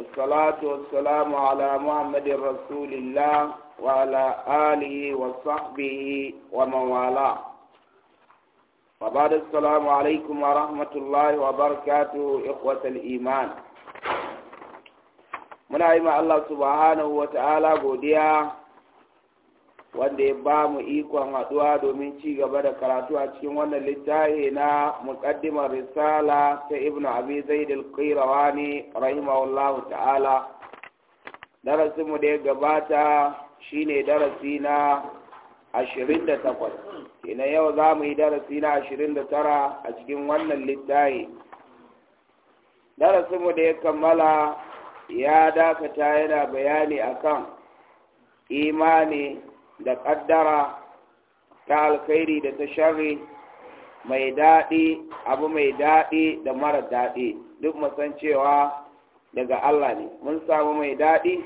والصلاة والسلام على محمد رسول الله وعلى آله وصحبه ومن والاه وبعد السلام عليكم ورحمة الله وبركاته إخوة الإيمان muna yi ma Allah subhanahu wa wanda ya ba mu ikon haɗuwa domin ci gaba da karatu a cikin wannan littafi na muƙaddimar risala ta ibn abi zaid al-qirawani rahimahullahu ta'ala darasin mu da ya gabata shine darasi na 28 kenan yau za mu yi darasi na 29 a cikin wannan littafi darasin mu da ya kammala ya dakata yana bayani akan imani da ƙaddara ta alkhairi da ta sharri mai daɗi abu mai daɗi da mara daɗi duk san cewa daga Allah ne mun samu mai daɗi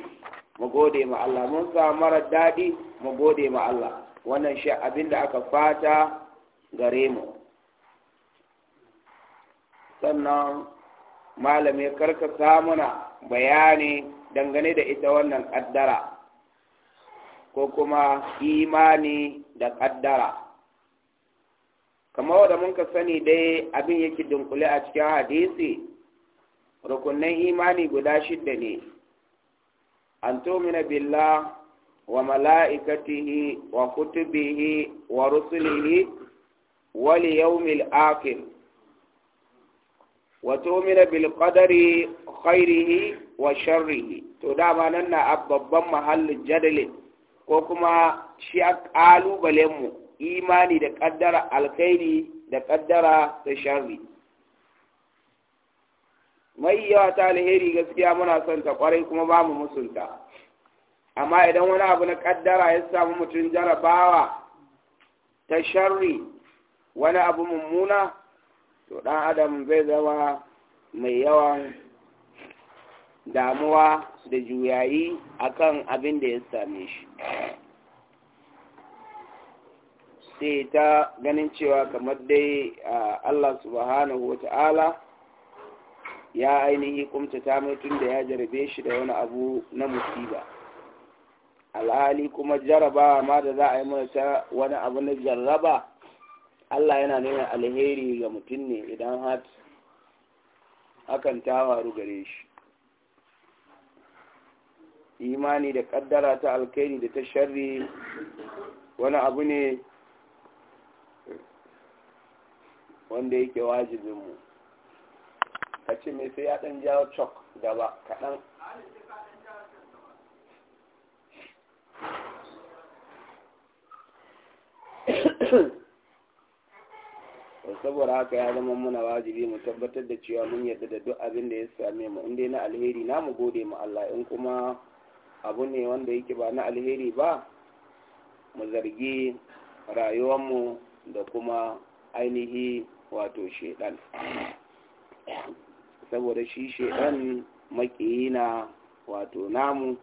mu gode ma Allah mun samu mara daɗi mu gode ma Allah wannan shi abin da aka fata gare mu sannan malami ya karkata mana bayani dangane da ita wannan ƙaddara ko kuma imani da ƙaddara kamar da mun ka sani dai abin yake dunkule a cikin hadisi rukunin imani guda shidda ne an tumina billah wa mala'ikatihi wa kutubihi wa rusulihi wa yawmil akhir wa tumina bil qadari khairihi wa sharrihi to dama nan na babban mahallin jadalin ko kuma shi a ƙalubalenmu imani da ƙaddara alkhairi da ƙaddara da sharri mai yawa ta alheri gaskiya muna son ta kwarai kuma ba mu musunta amma idan wani abu na ƙaddara ya samu mutum jarabawa ta sharri wani abu mummuna to ɗan adam zai zama mai yawan damuwa da juyayi akan abin da ya same shi sai ta ganin cewa kamar dai Allah subhanahu wa ta'ala ya ainihi kumtata mai tun da ya jarabe shi da wani abu na musiba alhali kuma jaraba ma da za a yi mana wani abu na jarraba Allah yana nuna alheri ga mutum ne idan hat hakan ta faru gare shi imani da kaddara ta alkaini da ta sharri wani abu ne wanda yake wajibinmu a ce mai sai ya ɗan jawo cok gaba kaɗan saboda haka ya zama muna wajibi mu tabbatar da cewa mun yarda da duk abin da ya same mu inda na alheri na mu gode ma Allah in kuma abu ne wanda yake ba na alheri ba mu zargi rayuwanmu da kuma ainihi wato shedan saboda shi shedan makiyina wato namu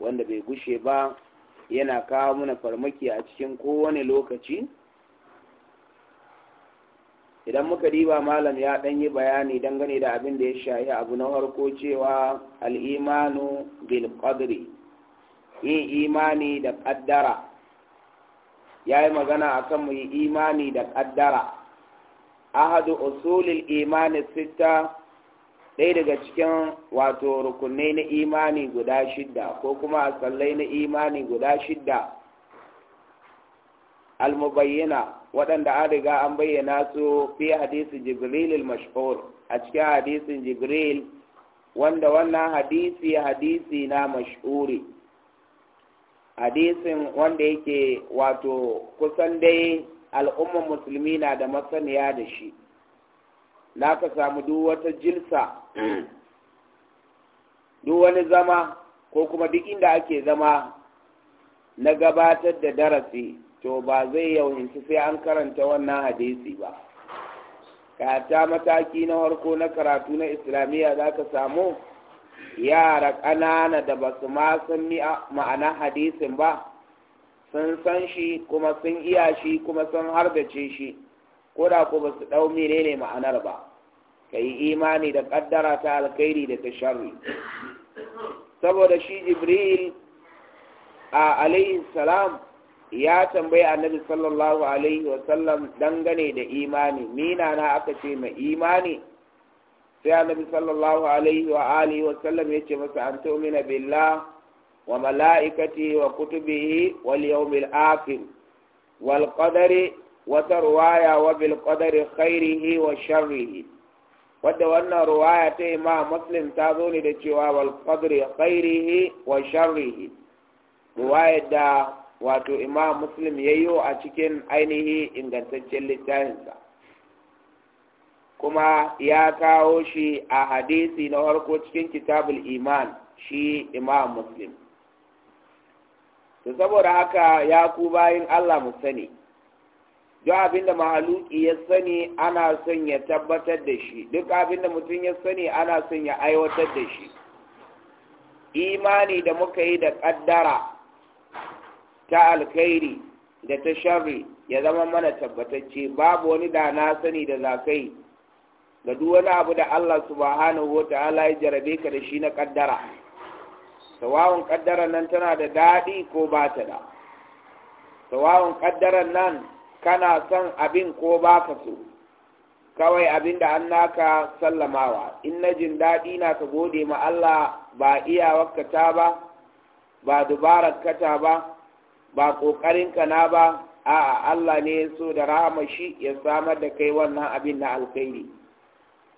wanda bai gushe ba yana kawo muna farmaki a cikin kowane lokaci idan muka diba malam ya dan yi bayani dangane da abin da ya shahi abu na harko cewa al'imanu bil qadri yin imani da ƙaddara, ya yi magana a kan mu yi imani da ƙaddara ahadu usulil imani sita ɗaya daga cikin wato rukunai na imani guda shidda ko kuma asallai na imani guda shidda almubayyana waɗanda an riga an bayyana su fi hadisi jibril al-mashhur a cikin hadisin jibril wanda wannan hadisi hadisi na mashhuri hadisin wanda yake wato kusan dai al'umman musulmi na da masaniya da shi na ka samu duk wata jilsa duk wani zama ko kuma duk inda ake zama na gabatar da darasi to ba zai yawanci sai an karanta wannan hadisi ba kata mataki na harko na karatu na islamiyya za ka samu yara ƙanana da ba su ma san ma'ana hadisin ba sun san shi kuma sun iya shi kuma sun hargace shi ko da ko ba su ɗau menene ma'anar ba ka yi imani da ƙaddara ta alkhairi da ta sharri saboda shi jibril a alayhi salam ya tambayi annabi sallallahu alaihi wasallam dangane da imani mina na aka ce mai imani sai annabi sallallahu alaihi wa alihi wasallam ya ce masa an tu'mina billah wa mala'ikati wa kutubihi wal yawmil akhir wal qadari wata ruwaya wa bil qadari khairihi wa sharrihi wadda wannan ruwaya ta ima muslim ta zo ne da cewa wal qadri khairihi wa sharrihi ruwaya da wato imam muslim yayyo a cikin ainihi ingantaccen littafinsa kuma ya kawo shi a hadisi na harko cikin kitabul iman shi imam muslim to saboda haka ya ku bayin allah mu sani duk abinda mahaluki ya sani ana son ya tabbatar da shi duk abinda mutum ya sani ana son ya aiwatar da shi imani da muka yi da ƙaddara ta alkhairi da ta sharri ya zama mana tabbatacce babu wani da na sani da zakai ga duk wani abu da Allah subhanahu wa ta'ala ya jarabe ka da shi na kaddara tawawun kaddara nan tana da daɗi ko ba ta da tawawun kaddara nan kana son abin ko ba ka so kawai abin da an naka sallamawa in na jin daɗi na ka gode ma Allah ba iya ta ba ba dubarar kata ba ba ƙoƙarin na ba a'a Allah ne ya so da rahama shi ya samar da kai wannan abin na alkhairi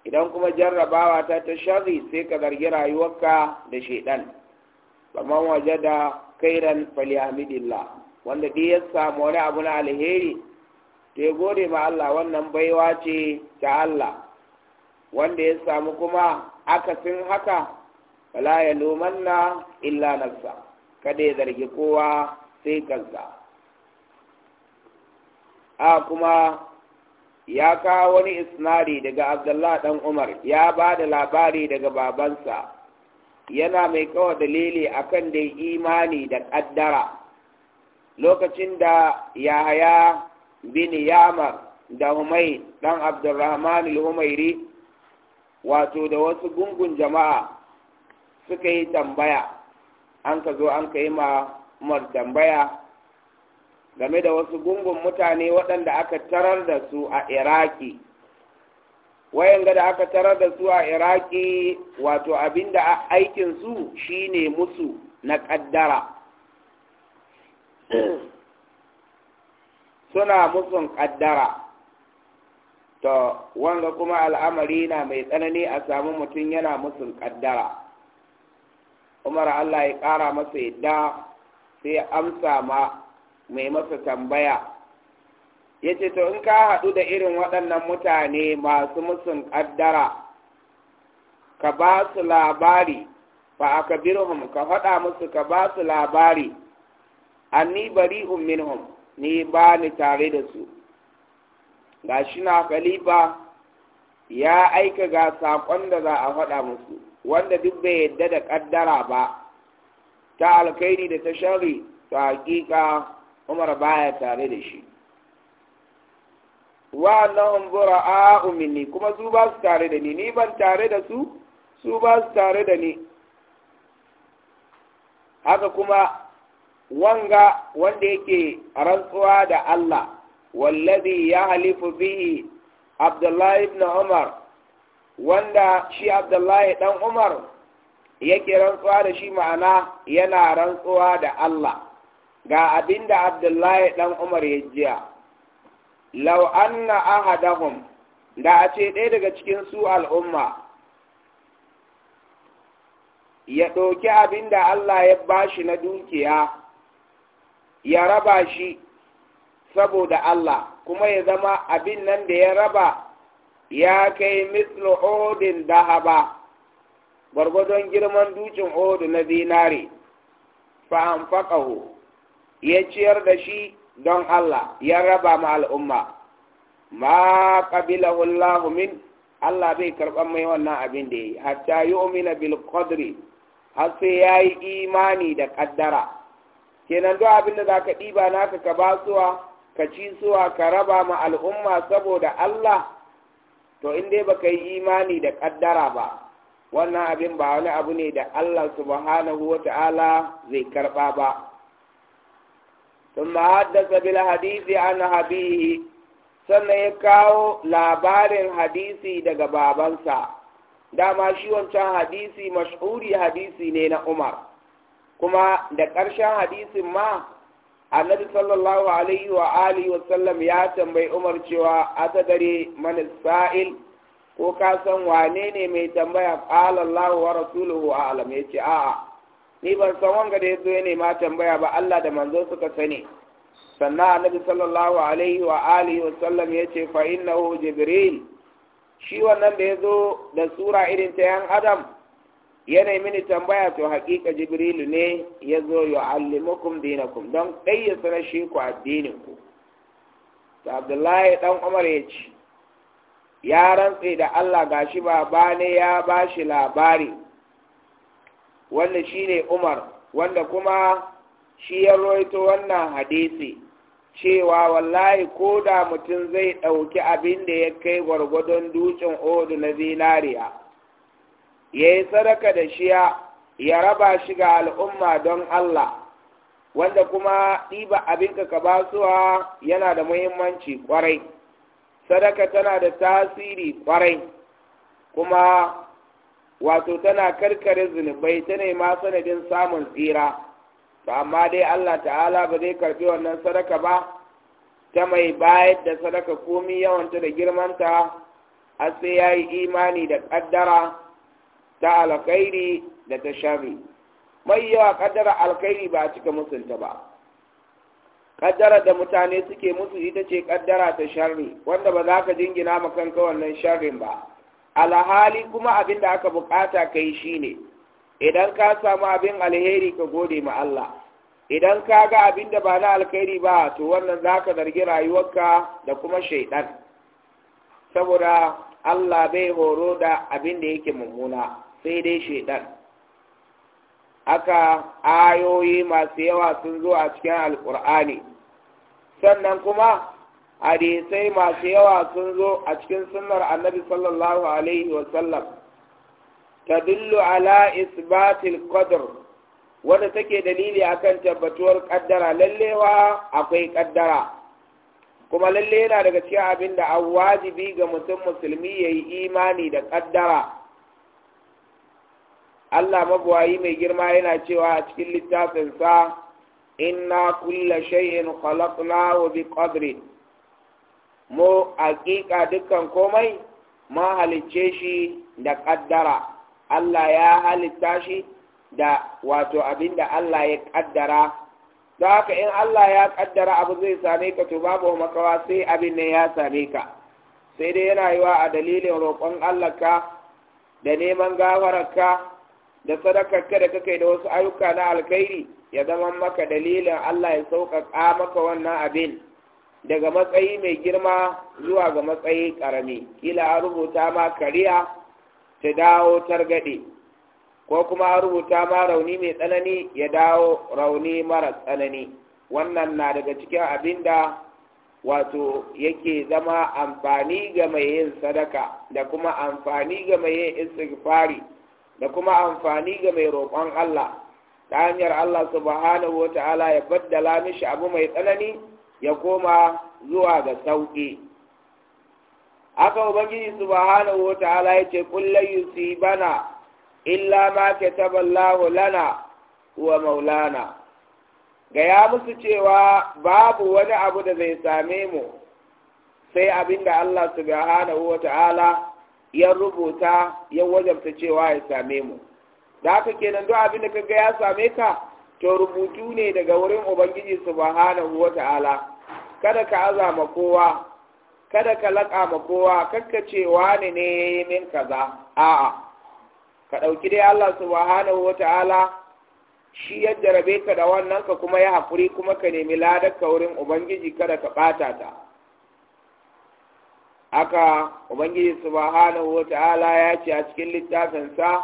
idan kuma jarrabawa ta ta shari sai ka zargi rayuwarka da shaidan faman waje da kairan faliyamidillah wanda dai ya samu wani abu na alheri to ya gode ma Allah wannan baiwa ce ta Allah wanda ya samu kuma akasin haka wala ya lumanna illa nafsa kada ya zargi kowa sai a kuma ya kawo wani isnari daga abdullahi dan umar ya ba da labari daga babansa yana mai kawo dalili akan da imani da kaddara lokacin da yahaya bin yamar da humai dan abdurrahman al-humairi wato da wasu gungun jama'a suka yi tambaya an ka zo an ka yi ma Umar tambaya game da wasu gungun mutane waɗanda aka tarar da su a iraki wayanga da aka tarar da su a iraki wato abinda su shine musu na ƙaddara suna musu ƙaddara to wanga kuma al'amari na mai tsanani a samu mutum yana musu ƙaddara umar allah ya ƙara masa yadda sai amsa ma mai masa tambaya ya ce to in ka haɗu da irin waɗannan mutane masu musun ƙaddara ka ba su labari fa aka birhum ka faɗa musu ka ba su labari anni bari'un minhum ni ba ni tare da su ga shi na khalifa ya aika ga saƙon da za a faɗa musu wanda duk bai yadda da ƙaddara ba ta alkairi da ta shari ta hakika umar baya tare da shi wa annahum a umini kuma su ba su tare da ni ni ban tare da su su ba su tare da ni haka kuma wanga wanda yake rantsuwa da Allah wallazi ya halifu bihi Abdullahi ibn Umar wanda shi Abdullahi dan Umar yake rantsuwa da shi ma'ana yana rantsuwa da Allah ga abin da Abdullahi ɗan Umar ya jiya law anna ahadahum da a ce ɗaya daga cikin su al'umma ya ɗauki abin da Allah ya bashi na dukiya ya raba shi saboda Allah kuma ya zama abin nan da ya raba ya kai mislu odin dahaba gwargwadon girman dukin odu na zinare fa'an ya ciyar da shi don Allah ya raba ma al'umma ma ƙabila wallahu min Allah bai karɓar mai wannan abin da ya yi hatta yi omina bil har sai ya yi imani da ƙaddara kenan duk abin da za ka ɗiba naka ka basuwa ka ci suwa ka raba ma al'umma saboda Allah to in dai baka yi imani da ƙaddara ba wannan abin ba wani abu ne da Allah subhanahu wa ta'ala zai karɓa ba. haddasa bil hadisi an habihi, sannan ya kawo labarin hadisi daga babansa dama shi wancan hadisi mashhuri hadisi ne na Umar kuma da ƙarshen hadisin ma annabi sallallahu alaihi wa alihi wa sallam ya tambayi Umar cewa a dare man sa'il ko ka san wane ne mai tambaya qala Allahu wa rasuluhu a'lam ya ce a'a ni ban san wanga da yazo ne ma tambaya ba Allah da manzo suka sani sannan annabi sallallahu alaihi wa alihi wa sallam yace fa innahu jibril shi wannan da ya zo da sura irin ta yan adam yana mini tambaya to hakika Jibril ne yazo allimukum dinakum don dai na sanar shi ku addinin ku Abdullahi dan Umar ya ce ya rantse da Allah gashi baba ne ya ba shi labari wanda shine Umar wanda kuma shi ya roito wannan hadisi cewa wallahi ko da mutum zai ɗauki abin da ya kai gwargwadon dutsen odu na zinariya ya yi sadaka da shiya ya raba shi ga al'umma don Allah wanda kuma ɗiba abinka ka basuwa yana da muhimmanci kwarai. sadaka tana da tasiri kwarai kuma wato tana karkare zunubai ta nema sanadin samun tsira ba amma dai Allah ta'ala ba zai karɓi wannan sadaka ba ta mai bayar da sadaka komi yawanta da girmanta a sai ya yi imani da ƙaddara ta alkhairi da ta shari mai yawa ƙaddara alkhairi ba a cika musulta ba kaddara da mutane suke musu ita ce kaddara ta sharri wanda ba za ka jingina ma kanka wannan sharrin ba alhali kuma abin da aka bukata kai shine idan ka samu abin alheri ka gode ma Allah idan ka ga abin da ba na alkhairi ba to wannan za ka zargi rayuwarka da kuma shaidan saboda Allah bai horo da abin da yake mummuna sai dai shaidan aka ayoyi masu yawa sun zo a cikin alkur'ani sannan kuma hadisai masu yawa sun zo a cikin sunnar annabi sallallahu alaihi wasallam dillu ala isbatil qadr wanda take dalili a kan tabbatuwar kaddara lallewa akwai kaddara kuma lalle yana daga cikin abin da an wajibi ga mutum musulmi ya yi imani da kaddara Allah mabuwayi mai girma yana cewa a cikin littafinsa inna kulla shay'in khalaqnahu bi qadri mu hakika dukkan komai ma halicce shi da kaddara Allah ya halitta shi da wato da Allah ya kaddara da haka in Allah ya kaddara abu zai same ka to babu makawa sai abin ne ya same ka sai dai yana wa a dalilin roƙon Allah ka da neman gawararka. da sadakarka ka da kake da wasu ayyuka na alkhairi ya zama maka dalilin Allah ya sauƙaƙa maka wannan abin daga matsayi mai girma zuwa ga matsayi ƙarami kila a rubuta ma kariya ta dawo targaɗe ko kuma a rubuta ma rauni mai tsanani ya dawo rauni mara tsanani wannan na daga cikin abin da wato yake zama amfani ga mai yin sadaka da kuma amfani ga mai yin istighfari da kuma amfani ga mai roƙon Allah ta hanyar Allah subhanahu wa ta'ala ya baddala mishi abu mai tsanani ya koma zuwa ga sauƙi aka ubangiji subhanahu wa ta'ala ya ce kullay yusibana illa ma kataballahu lana wa maulana gaya musu cewa babu wani abu da zai same mu sai abinda Allah subhanahu wa ta'ala ya rubuta ya wajabta cewa ya same mu da haka kenan duk abin da kaga ya same ka to rubutu ne daga wurin ubangiji subhanahu wata'ala kada ka azama kowa kada ka laƙa ma kowa kakka ce wani ne min kaza a'a ka ɗauki dai Allah subhanahu wata'ala shi ya jarabe ka da wannan ka kuma ya haƙuri kuma ka nemi ladar ka wurin ubangiji kada ka ɓata ta aka ubangiji subhanahu wata'ala ya ce a cikin littafinsa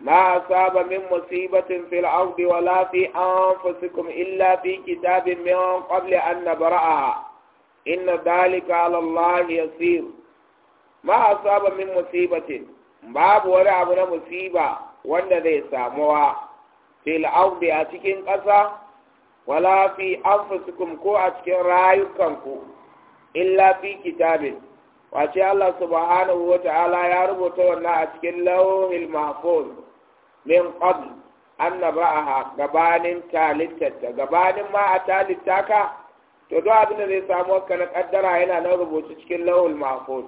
ma asaba min musibatin fil ardi la fi anfusikum illa fi kitabin min qabli an nabra'a inna dhalika 'ala Allah yasir ma asaba min musibatin babu wani abu na musiba wanda zai samuwa fil ardi a cikin ƙasa wala fi anfusikum ko a cikin rayukanku illa fi kitabin wace Allah subhanahu wa ta'ala ya rubuta wannan a cikin lauhil mahfuz min qabl a gabanin talittata gabanin ma a talittaka ka to duk abin da zai samu ka na kaddara yana nan rubuce cikin lauhul mahfuz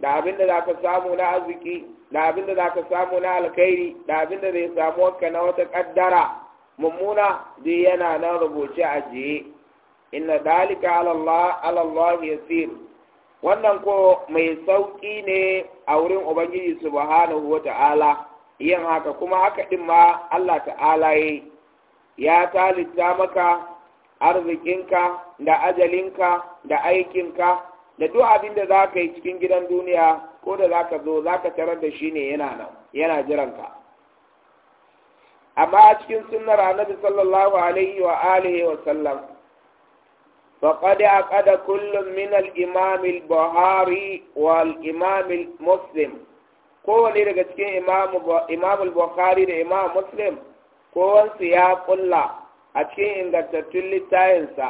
da abin da zaka samu na arziki da abin da zaka samu na alkhairi da abin da zai samu ka na wata kaddara mummuna duk yana nan rubuce a jiye inna dalika ala Allah ala Allah yasir wannan ko mai sauki ne a wurin ubangiji subhanahu ta'ala. yin haka kuma haka din ma Allah ta'ala yi ya talitta maka arzikinka da ajalinka da aikinka da duk abin da za ka yi cikin gidan duniya ko da za ka zo za ka tarar da shi ne yana nan yana jiranka amma a cikin sunnar annabi sallallahu alaihi wa alihi wa sallam فقد عقد كل من الإمام البخاري والإمام المسلم kowane daga cikin imam bukhari da imam muslim kowansu ya ƙulla a cikin ingantattun littayinsa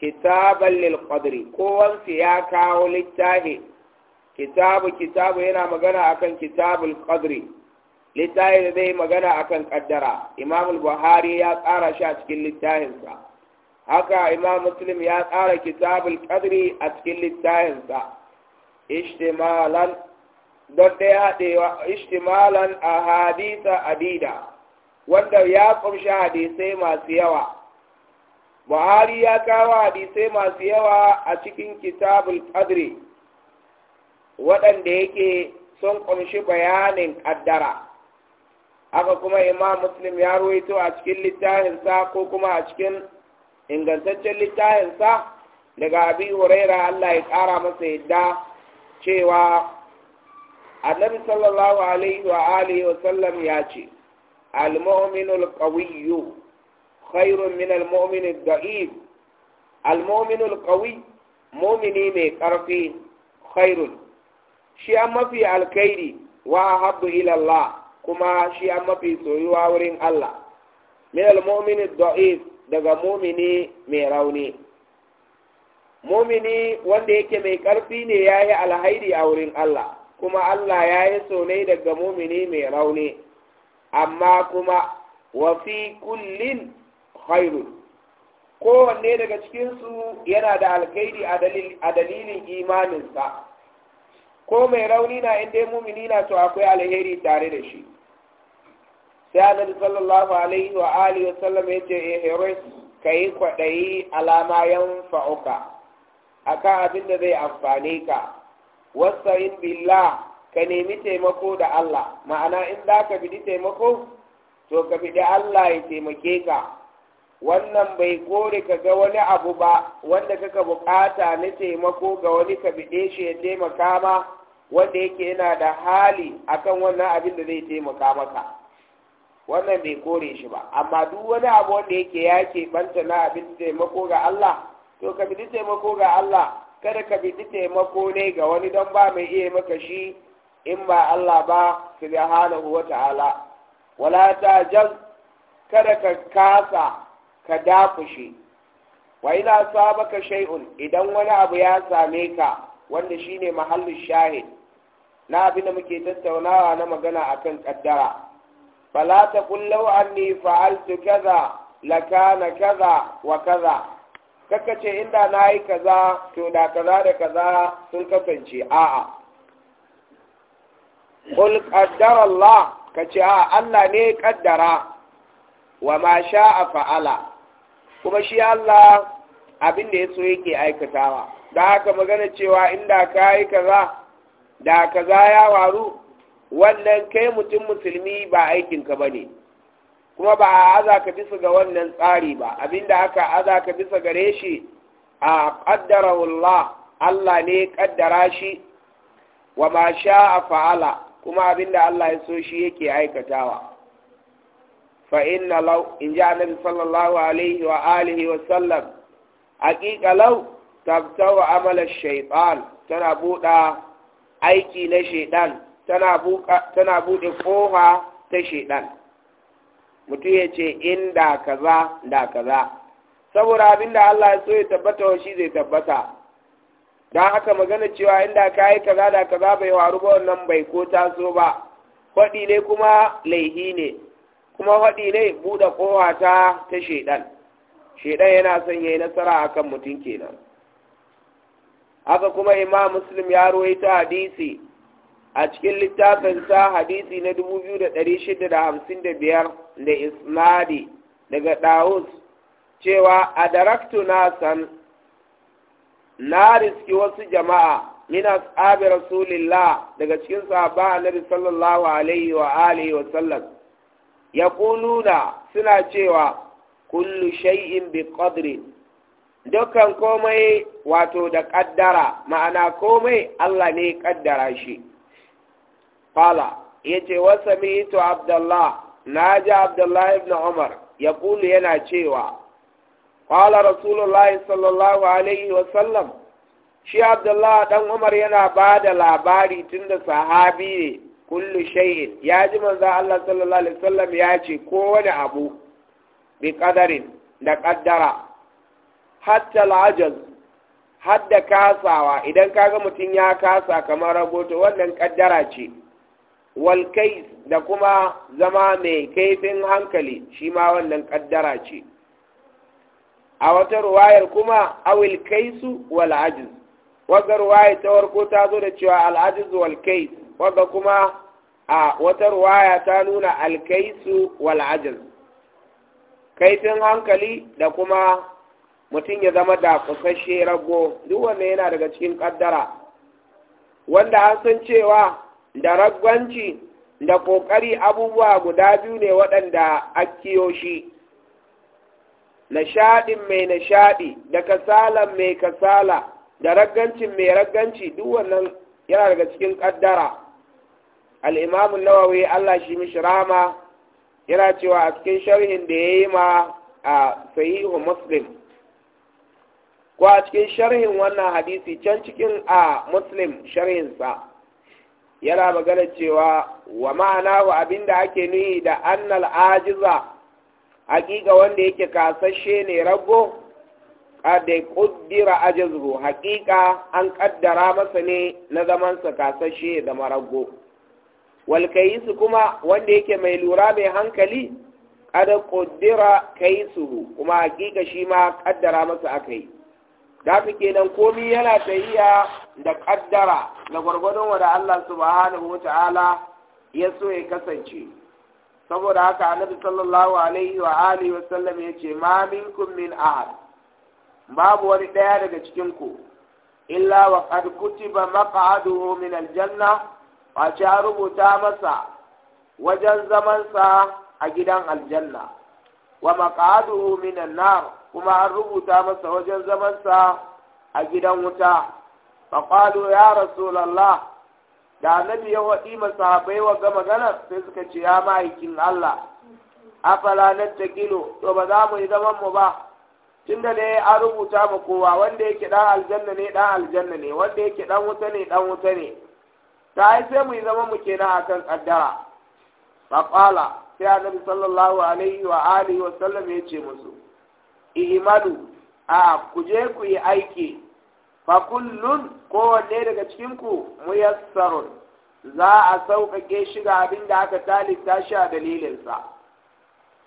kitaban lil qadri ya kawo littafi kitabu kitabu yana magana akan kitabul qadri da zai magana akan ƙaddara imam buhari ya tsara shi a cikin littayinsa haka imam muslim ya tsara kitabul qadri a cikin littafinsa ishtimalan don da ya haɗewa ishtimalan a adida wanda ya ƙunshi hadisai masu yawa buhari ya kawo hadisai masu yawa a cikin kitabul qadri waɗanda yake sun kumshi bayanin ƙaddara haka kuma imam muslim ya ruwaito a cikin littafinsa ko kuma a cikin ingantaccen littafinsa daga abi huraira Allah ya ƙara masa yadda cewa annabi sallallahu alaihi wa alihi wa sallam ya ce al muminul al-qawiyyu khairun min al-mu'min daif al muminul al-qawi mu'mini mai ƙarfi khairun shi an mafi alkhairi wa habbu ila Allah kuma shi an mafi soyuwa wurin Allah min al-mu'min daif daga mumini mai rauni mumini wanda yake mai ƙarfi ne ya yi alhairi a wurin Allah kuma Allah ya yi sonai daga mumini mai rauni amma kuma wafi kullin khairun kowanne daga cikinsu yana da alkhairi a dalilin imaninsa ko mai rauni na inda mumini na to akwai alheri tare da shi sai annabi sallallahu alaihi wa alihi wasallam ya ce ihris eh, kai kwadayi alama yan fa'uka akan abin da zai amfane ka wasta'in billah ka nemi taimako da Allah ma'ana in za ka bi taimako to ka bi Allah ya taimake ka wannan bai kore ka ga wani abu ba wanda kaka bukata na taimako ga wani ka biɗe shi ya taimaka ma wanda yake yana da hali akan wannan abin da zai taimaka maka wannan bai kore shi ba amma duk wani abu wanda yake yake banta na abin taimako ga Allah to ka bi taimako ga Allah kada ka bi taimako ne ga wani don ba mai iya maka shi in ba Allah ba subhanahu wa ta'ala wala tajal kada ka kasa ka dafushi wa ila sabaka shay'un idan wani abu ya same ka wanda shine mahallin shahid na abin da muke tattaunawa na magana akan kaddara فلا تقل kaza, أني فعلت كذا لكان كذا وكذا kakace inda na yi kaza to da kaza da kaza sun kasance a'a qul qaddara Allah kace a Allah ne kaddara wa ma sha'a fa'ala kuma shi Allah abin da yaso yake aikatawa da haka magana cewa inda ka yi kaza da kaza ya waru wannan kai mutum musulmi ba aikinka ba ne kuma ba a aza ka bisa ga wannan tsari ba abinda aka aza ka bisa gare shi a ƙaddarahullah Allah ne ƙaddara shi wa ma sha a fa'ala kuma abinda Allah ya so shi yake aikatawa fa inna law in ji annabi sallallahu alaihi wa alihi wa sallam haƙiƙa law tabtawa amala shaytan tana buɗa aiki na shaytan tana buɗe ƙofa ta shaiɗan mutum ya ce in da kaza da kaza saboda abinda Allah ya so ya tabbata shi zai tabbata don haka magana cewa inda ka yi kaza da kaza bai waru ba wannan bai ko taso ba faɗi ne kuma laihi ne kuma faɗi ne buɗe ƙofa ta ta shaiɗan shaiɗan yana son ya yi nasara akan mutum kenan haka kuma imam muslim ya ruwaita hadisi a cikin littafin sa hadisi na 2655 da isnadi daga Da'us, cewa "A daraktu na san na riski wasu jama'a mina ashabi rasulillah daga cikin sahaba annabi sallallahu alaihi wa alihi wa sallam yaquluna suna cewa kullu shay'in bi qadri dukkan komai wato da kaddara ma'ana komai Allah ne ya kaddara shi Kala, ya ce, Wasa mitu Abdullah, na ji Abdullah ibn Umar, ya kulu yana cewa, Kala Rasulullahi sallallahu Alaihi wa sallam. shi Abdullah ɗan Umar yana ba da labari tun da sahabi ne, kullu shayin, ya ji manza Allah sallallahu Alaihi wa sallam ya ce, kowane abu, bi ƙadarin da ƙaddara, hatta al'ajaz hadda kasawa idan kaga mutum ya kasa kamar ragoto wannan kaddara ce walkai da kuma zama mai kaifin hankali shi ma wannan kaddara ce a wata ruwayar kuma awil kai su ajiz wadda ruwayar ta warko ta zo da cewa al ajiz wal kuma a wata ruwaya ta nuna al su wal kaifin hankali da kuma mutum ya zama da kusasshe rago duk wanda yana daga cikin kaddara wanda an san cewa da ragwanci da ƙoƙari abubuwa guda biyu ne waɗanda akiyo shi nashaɗin mai nishaɗi da kasala mai kasala da raggancin mai ragganci duk wannan yana daga cikin ƙaddara al'imamun nawawi Allah shi mishi rama yana cewa a cikin sharhin da ya yi ma a sahihu muslim ko a cikin sharhin wannan hadisi can cikin a muslim sharhinsa yana magana cewa wa ma'ana wa abin da ake nuhi da annal ajiza hakika wanda yake kasashe ne rago da kuddira ajizu hakika an kaddara masa ne na zamansa kasashe da marago walkayisu kuma wanda yake mai lura mai hankali kada kuddira kaisuhu kuma hakika shi ma kaddara masa aka yi da fi kenan komi yana tahiya da kaddara da gwargwadon wa da Allah subhanahu wa ta'ala ya so ya kasance saboda haka annabi sallallahu alaihi wa alihi wa sallam ya ce ma minkum min ahad babu wani daya daga cikin ku illa wa qad kutiba maq'aduhu min aljanna wa ta rubuta masa wajen zamansa a gidan aljanna wa maq'aduhu min an-nar kuma an rubuta masa wajen zamansa a gidan wuta faƙalo ya rasulallah da annabi ya waɗi masahabai wa ga magana sai suka ce ya ma'aikin Allah afala na takilo to ba za mu yi zaman mu ba tunda da an rubuta mu kowa wanda yake dan aljanna ne dan aljanna ne wanda yake dan wuta ne dan wuta ne ta yi sai mu yi zaman mu kenan akan kaddara faqala sai annabi sallallahu alaihi wa alihi wa sallam ya ce musu i'malu a ku je ku yi aiki fa kullun kowanne daga cikin ku muyassarun za a sauƙaƙe shi ga abin da aka talita shi a dalilinsa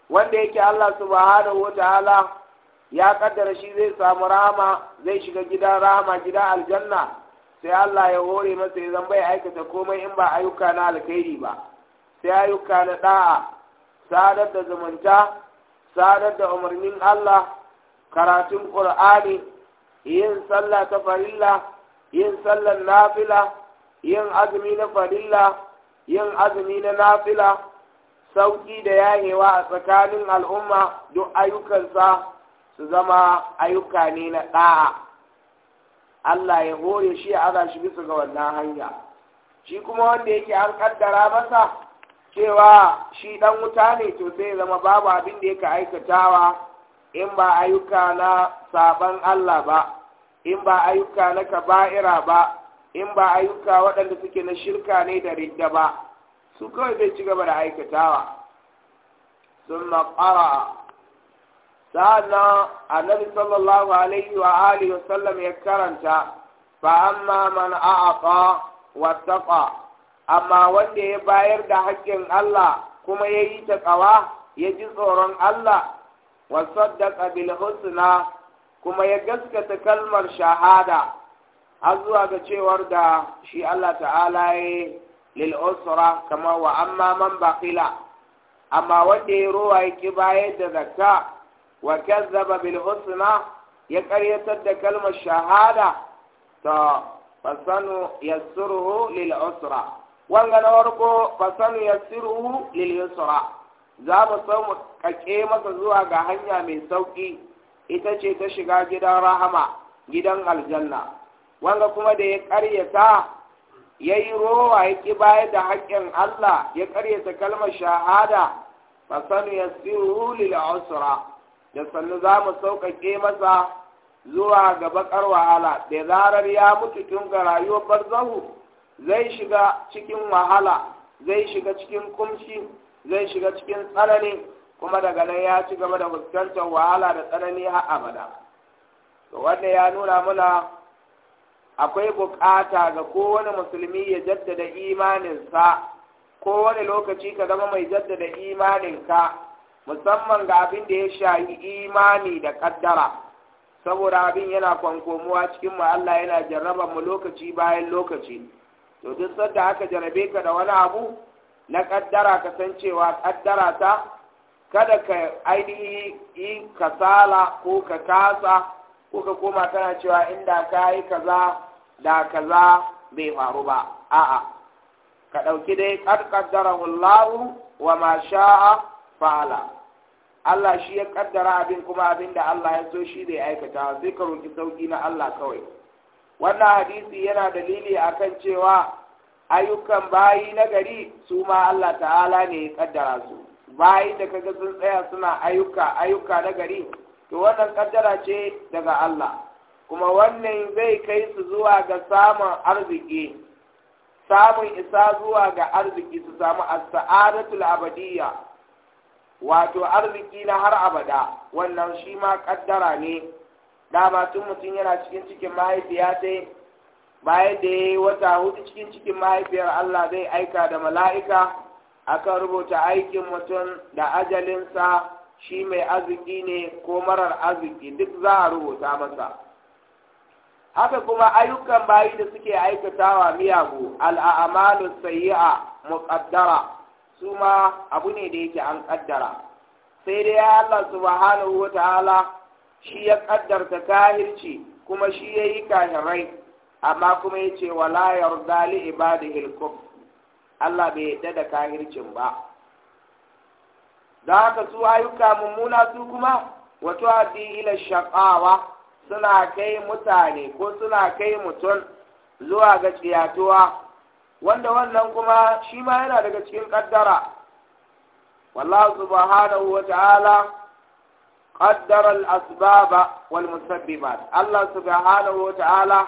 wanda yake Allah subhanahu wa ta'ala ya kaddara shi zai samu rama, zai shiga gida rama gida aljanna sai Allah ya hore masa ya zamba ya aikata komai in ba ayyuka na alkhairi ba sai ayyuka na da'a sadar da zumunta sadar da umarnin Allah karatun Qur'ani yin sallah ta farilla yin sallar nafila yin azumi na farilla yin azumi na nafila sauki da yahewa a tsakanin al'umma duk ayyukansa su zama ayyuka ne na ɗa'a Allah ya hore shi a shi bisa ga wannan hanya shi kuma wanda yake an kaddara masa cewa shi ɗan wuta ne to sai zama babu abin da yake aikatawa in ba ayyuka na saban Allah ba in ba ayyuka na kaba'ira ba in ba ayyuka waɗanda suke na shirka ne da ridda ba su kawai zai ci gaba da aikatawa sun maƙara sa'annan annabi sallallahu alaihi wa alihi wa sallam ya karanta fa amma man a'aqa wattaqa amma wanda ya bayar da haƙƙin Allah kuma ya yi taƙawa ya ji tsoron Allah wa saddaqa bil husna kuma ya gaskata kalmar shahada har zuwa ga cewar da shi Allah ta'ala ya lil usra kama wa amma man baqila amma wanda ya rowa ya ki bayar da zakka wa kazzaba bil husna ya ƙaryatar da kalmar shahada ta fasanu yassuruhu lil usra wanga na warko fasanu yassiru lil yusra za mu so mu kake masa zuwa ga hanya mai sauki ita ce ta shiga gidan rahama gidan aljanna wanga kuma da ya ƙaryata yayi rowa ya ƙi bayar da haƙƙin Allah ya ƙaryata kalmar shahada fasanu yassiru lil usra da sannu za mu sauƙaƙe masa zuwa ga baƙar wahala da zarar ya mutu tun ga rayuwar barzahu zai shiga cikin wahala zai shiga cikin kumshi zai shiga cikin tsanani kuma daga nan ya ci gaba da fuskantar wahala da tsanani har abada to wanda ya nuna mana akwai bukata ga kowane musulmi ya jaddada imaninsa kowane lokaci ka zama mai jaddada imaninka musamman ga abin da ya shahi imani da kaddara saboda abin yana kwankomuwa cikin mu Allah yana jarraba mu lokaci bayan lokaci to duk sanda aka jarabe ka da wani abu na kaddara ka san cewa kaddara ta kada ka ainihi yi kasala ko ka kasa ko ka koma kana cewa inda ka yi kaza da kaza bai faru ba a'a ka ɗauki dai kad qaddarahu wallahu wa ma sha'a fa'ala Allah shi ya kaddara abin kuma abin da Allah ya so shi zai aikata sai ka roki sauki na Allah kawai wannan hadisi yana dalili akan cewa ayyukan bayi na gari su ma Allah ta'ala ne ya kaddara su bayi da kaga sun tsaya suna ayyuka ayyuka na gari to wannan kaddara ce daga Allah kuma wannan zai kai su zuwa ga samun arziki samun isa zuwa ga arziki su samu as-sa'adatul abadiyya wato arziki na har abada wannan shi ma kaddara ne ba tun mutum yana cikin cikin mahaifiya sai bayan da ya wata hudu cikin cikin mahaifiyar Allah zai aika da mala'ika akan rubuta aikin mutum da ajalinsa shi mai arziki ne ko marar arziki duk za a rubuta masa haka kuma ayyukan bayi da suke aikatawa miyagu al'amalu sayyi'a mukaddara, su ma abu ne da yake an kaddara sai dai ya Allah subhanahu wa ta'ala shi ya kaddarta kahirci kuma shi ya yi kahirai amma kuma ya ce wala yarda li ibadihi Allah bai yadda da kahircin ba Za ka su ayyuka mummuna su kuma wato addi ila shaqawa suna kai mutane ko suna kai mutum zuwa ga tsiyatuwa wanda wannan kuma shi ma yana daga cikin kaddara wallahu subhanahu wa ta'ala qaddara al-asbaba wal musabbibat Allah subhanahu wa ta'ala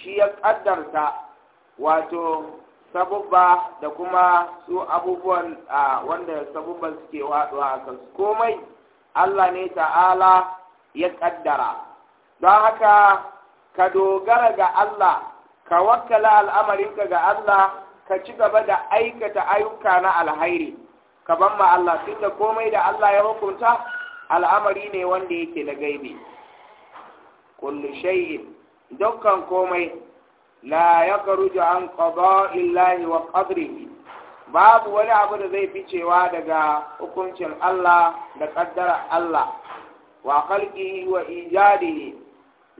shi ya ƙaddarta wato sabuba da kuma su abubuwan wanda sabubban suke waduwa a kansu komai Allah ne ta'ala ya kaddara don haka ka dogara ga Allah ka wakkala al'amarinka ga Allah ka ci gaba da aikata ayyuka na alhairi ka ban ma Allah tunda komai da Allah ya hukunta al'amari ne wanda yake na gaibi kullu shay'in dukkan komai la yakhruju an qada'illahi wa qadrihi babu wani abu da zai ficewa daga hukuncin Allah da kaddara Allah wa khalqihi wa ijadihi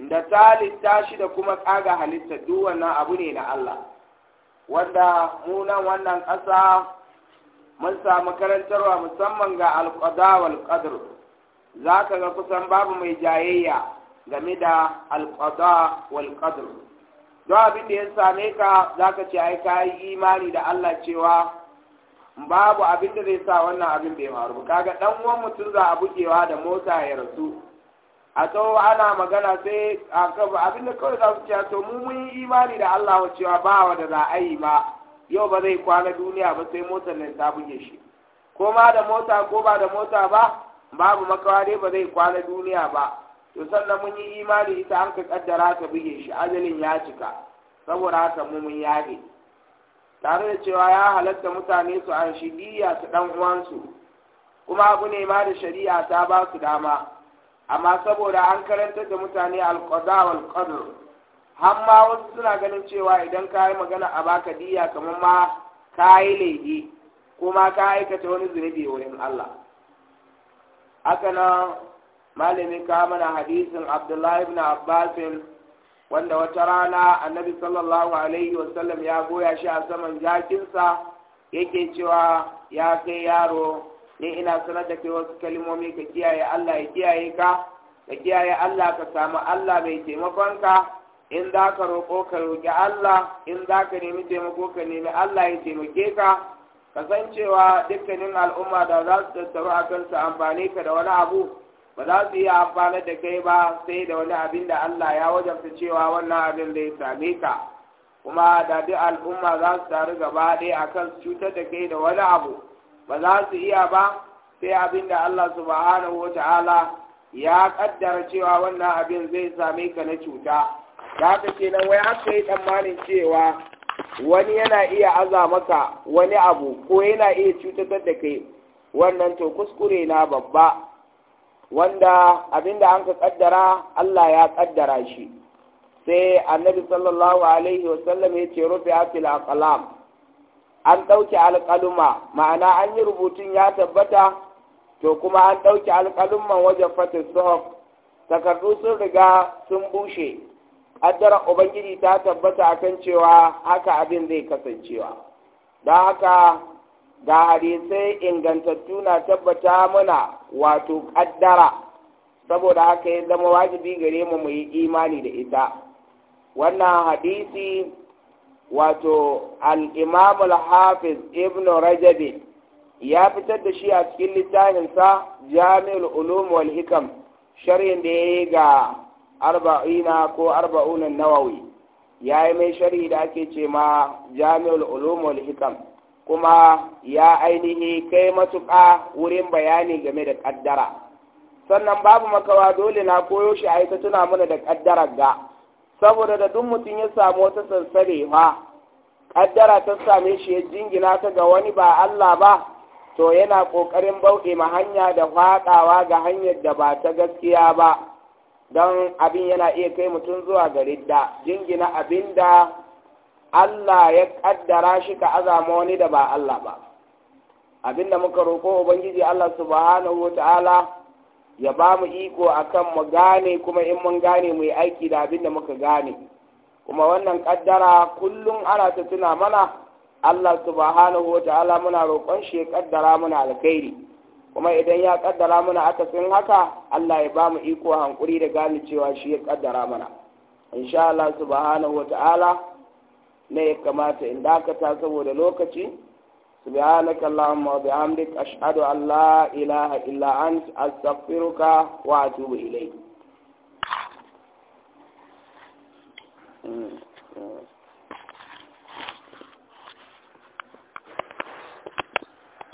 da talitta tashi da kuma ƙaga halitta duk wannan abu ne na Allah wanda mu nan wannan ƙasa mun samu karantarwa musamman ga al-qada wal qadr za ka ga kusan babu mai jayayya game da alƙada wal don abin da ya same ka za ka ce ai ka yi imani da Allah cewa babu abin da zai sa wannan abin bai faru kaga dan uwan mutum za a bugewa da mota ya rasu a tsawo ana magana sai a kafa abin da kawai za su cewa to mu mun yi imani da Allah wa cewa ba wa da za a yi ba yau ba zai kwana duniya ba sai motar nan ta buge shi ko ma da mota ko ba da mota ba babu makawa dai ba zai kwana duniya ba to sannan mun yi imani ita an ka kaddara ka buge shi ajalin ya cika saboda haka mu mun yage tare da cewa ya halatta mutane su an shidiya su dan uwansu kuma abu ne ma da shari'a ta ba su dama amma saboda an karanta da mutane alqada wal qadr har wasu suna ganin cewa idan ka yi magana a baka diya kamar ma ka yi laifi kuma ka aikata wani zunubi wurin Allah haka malami ka mana hadisin abdullahi ibn abbasin wanda wata rana annabi sallallahu alaihi wasallam ya goya shi a saman jakinsa yake cewa ya kai yaro ne ina sanar da kai wasu kalmomi ka kiyaye Allah ya kiyaye ka ka kiyaye Allah ka samu Allah mai taimakonka in za ka roƙo ka roƙi Allah in za ka nemi taimako ka nemi Allah ya taimake ka kasancewa dukkanin al'umma da za su tattaru a kan su amfani ka da wani abu ba za su iya amfani da kai ba sai da wani abin da Allah ya wajabta cewa wannan abin zai same ka kuma da duk al'umma za su taru gaba ɗaya a kan cutar da kai da wani abu ba za su iya ba sai abin da Allah subhanahu wa ta'ala ya kaddara cewa wannan abin zai same ka na cuta za ka ce nan wai aka yi tsammanin cewa wani yana iya aza maka wani abu ko yana iya cutar da kai wannan to kuskure na babba wanda abinda an ka kaddara Allah ya kaddara shi sai annabi sallallahu alaihi wasallam ya ce rufe afil aqlam an ɗauke alƙaluma ma'ana an yi rubutun ya tabbata to kuma an ɗauke alqaluma wajen fatis takardu sun riga sun bushe addara ubangiji ta tabbata a kan cewa haka abin zai kasancewa don haka ga hadisai ingantattu na tabbata mana wato kaddara saboda haka ya zama wajibi gare mu mu yi imani da ita wannan hadisi wato al-imam al-hafiz ibn rajab ya fitar da shi a cikin littafinsa jami'ul ulum wal hikam sharhin da ya yi ga arba'ina ko arba'una nawawi ya yi mai shari da ake ce ma jami'ul ulumul hikam kuma ya ainihi kai matuƙa wurin bayani game da ƙaddara sannan babu makawa dole na koyo shi a ita tuna mana da ƙaddara ga saboda da duk mutum ya samu wata sansare ma ƙaddara ta same shi ya jingina ta ga wani ba Allah ba to yana ƙoƙarin bauɗe ma hanya da faɗawa ga hanyar da ba ta gaskiya ba don abin yana iya kai mutum zuwa ga ridda jingina abin da Allah ya kaddara shi ka azama wani da ba Allah ba abin da muka roƙo ubangiji Allah subhanahu Ta'ala ya ba mu iko a kan mu gane kuma in mun gane mu yi aiki da abin da muka gane kuma wannan kaddara kullum ana ta tuna mana Allah subhanahu Ta'ala muna roƙon shi ya kaddara muna alkhairi kuma idan ya kaddara mana aka sun haka Allah ya ba mu iko hankuri da gane cewa shi ya kaddara mana insha Allah subhanahu wata'ala ne ya kamata in dakata saboda lokaci subhanaka allahumma wa bihamdik ashhadu an la ilaha illa ant astaghfiruka wa atubu ilayk